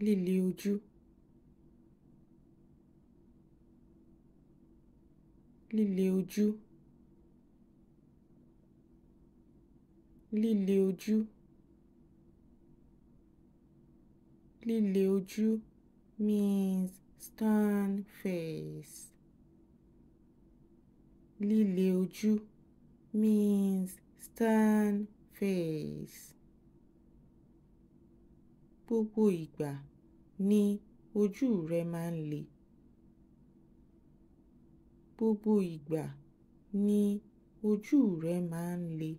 líle ojú líle ojú líle ojú líle ojú means stern face líle ojú means stern face gbogbo ìgbà ni ojú rẹ máa ń le gbogbo ìgbà ni ojú rẹ máa ń le